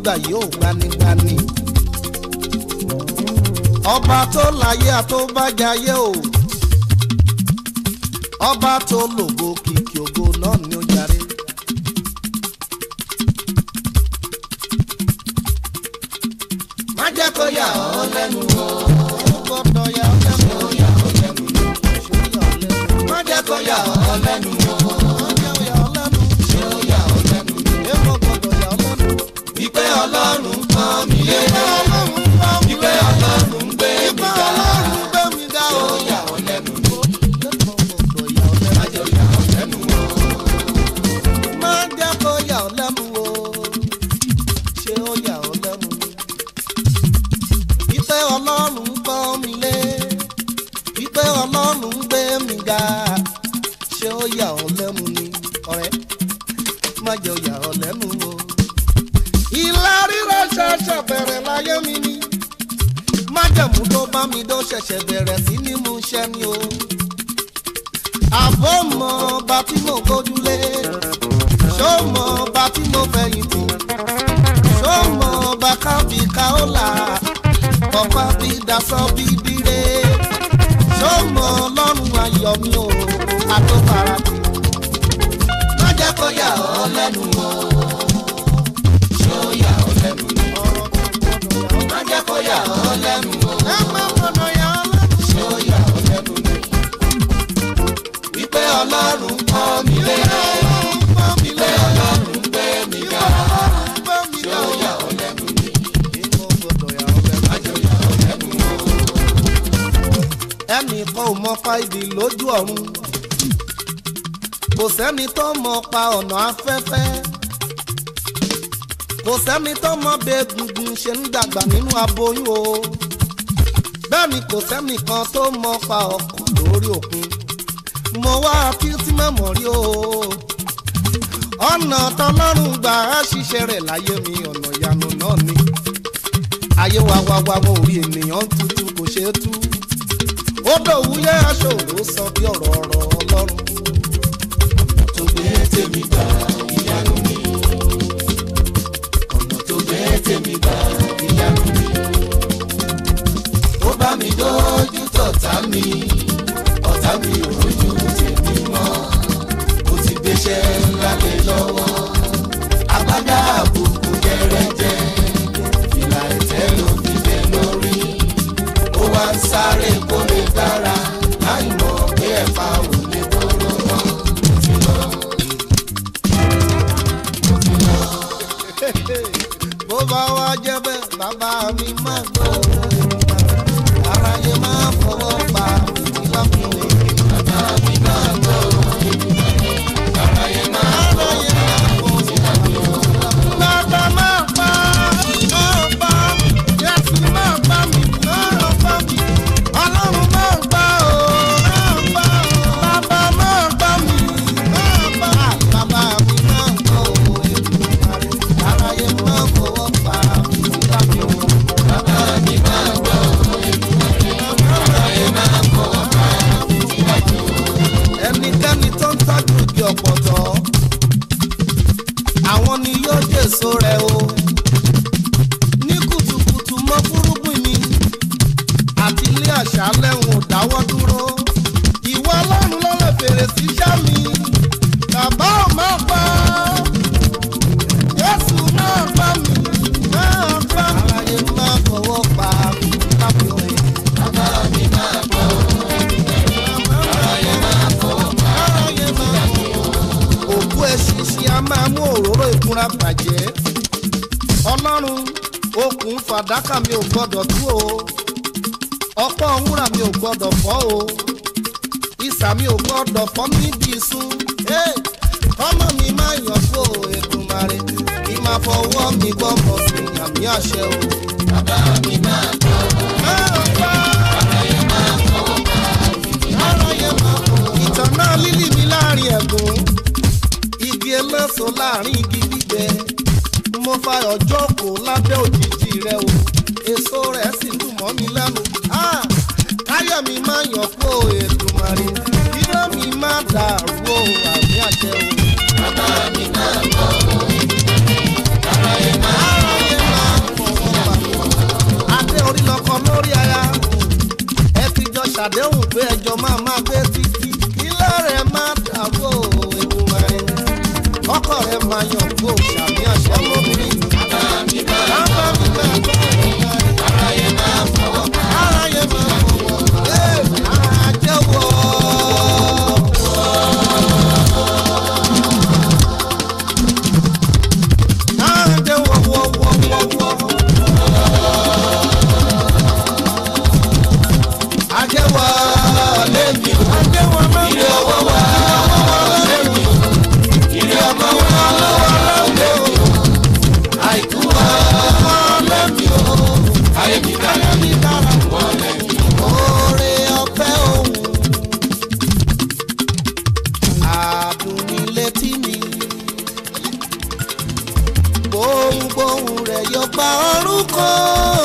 gbà yóò gbanigbani. ọba tó láyé àtọ́bájáyé o ọba tó lògo kìkì ògo náà ni ó jàre. má jẹ́ kó yà ọ́ lẹ́nu o. gbọ́dọ̀ yà ọ́ lẹ́nu ọlọ́run ń pọ́n mi lé wípé ọlọ́run ń gbé mi ga ṣé ó yà ọ́ lẹ́mu ni ọ̀rẹ́ má jẹ́ ó yà ọ́ lẹ́mu o. ìlà rírọ̀ ṣẹ̀ṣẹ̀ bẹ̀rẹ̀ láyé mi ni májẹ̀mú tó bá mi dó ṣẹ̀ṣẹ̀ bẹ̀rẹ̀ sí ní mú ṣẹ́ mi o. àbọ̀ mọ ọba tí mo gbójúlé ṣó mọ ọba tí mo fẹ̀yìntì ṣó mọ ọba kábìkà ó là á padà sọ bíbí re ṣó mọ ọlọ́run ayọ̀ mi o àtọ́fara má jẹ́ kó yà ọ́ lẹ́nu sẹ́ni kan ò mọ pa ìdì lójú ọ̀run kò sẹ́ni tó mọ pa ọ̀nà afẹ́fẹ́ kò sẹ́ni tó mọ bẹ́ẹ̀ gungun ṣe ń dàgbà nínú aboyún o bẹ́ẹ̀ ni kò sẹ́ni kan tó mọ pa ọkọ̀ lórí òkun mo wá fíntì mọ̀mọ́ rí o ọ̀nà tọlọ́run gbà á ṣiṣẹ́ rẹ̀ láyé mi ọ̀nà ìyanu náà ni ayé wa wá wá wọn ò rí ènìyàn tútù kò ṣeé tú bọ́dọ̀ wúyẹ́ aṣòro sọ bí ọ̀rọ̀ ọ̀rọ̀ ọlọ́run. tó gbé tèmi gbà ìyanu mi ọ̀nà tó gbé tèmi gbà ìyanu mi ó bá mi dójú tọ̀tá mi ọ̀tá mi ò ròyìn. èrè síṣẹ́ mi bàbá ò má pa Jésù máa pa mi máa pa mi. aráyé máa fọwọ́ pa mi lápò rẹ̀. agbára mi máa pọ̀ aráyé máa fọwọ́ pa mi lápò rẹ̀. òkú eṣinṣin a máa mú òróró ìkunra bàjẹ́ fàdákà mi ò gbọ́dọ̀ tú o ọ̀pọ̀ wúrà mi ò gbọ́dọ̀ fọ́ o ìsàmì ò gbọ́dọ̀ fọ́ mi bí iṣu ọmọ mi máa yàn fún Èdùmàrè mi máa fọwọ́ mi gbọ́ mọ̀ sí àmì àṣẹ o. bàbá mi máa tọ́ ìtàn náà lílì mi láàrin ẹ̀gún igi eléso láàrin igi gbígbẹ mo fa ọjọ́ kò lábẹ́ òjijì rẹ o èso rẹ̀ mi má yàn kó Èdùmàrè iná mi má dàrú ohun àmì àjẹ o. bàbá mi máa bọ̀ ọ́ bàbá yẹn máa bọ̀ ọ́ adé orí lọkọ lórí aya ẹ ti jọ ṣàdéhùn pé ẹjọ́ máa máa gbé títí ilé rẹ̀ má dàrú ohun Èdùmàrè ọkọ rẹ̀ máa yàn kó ṣàmì àṣẹ lóbìnrin. ọba ọ̀run kan.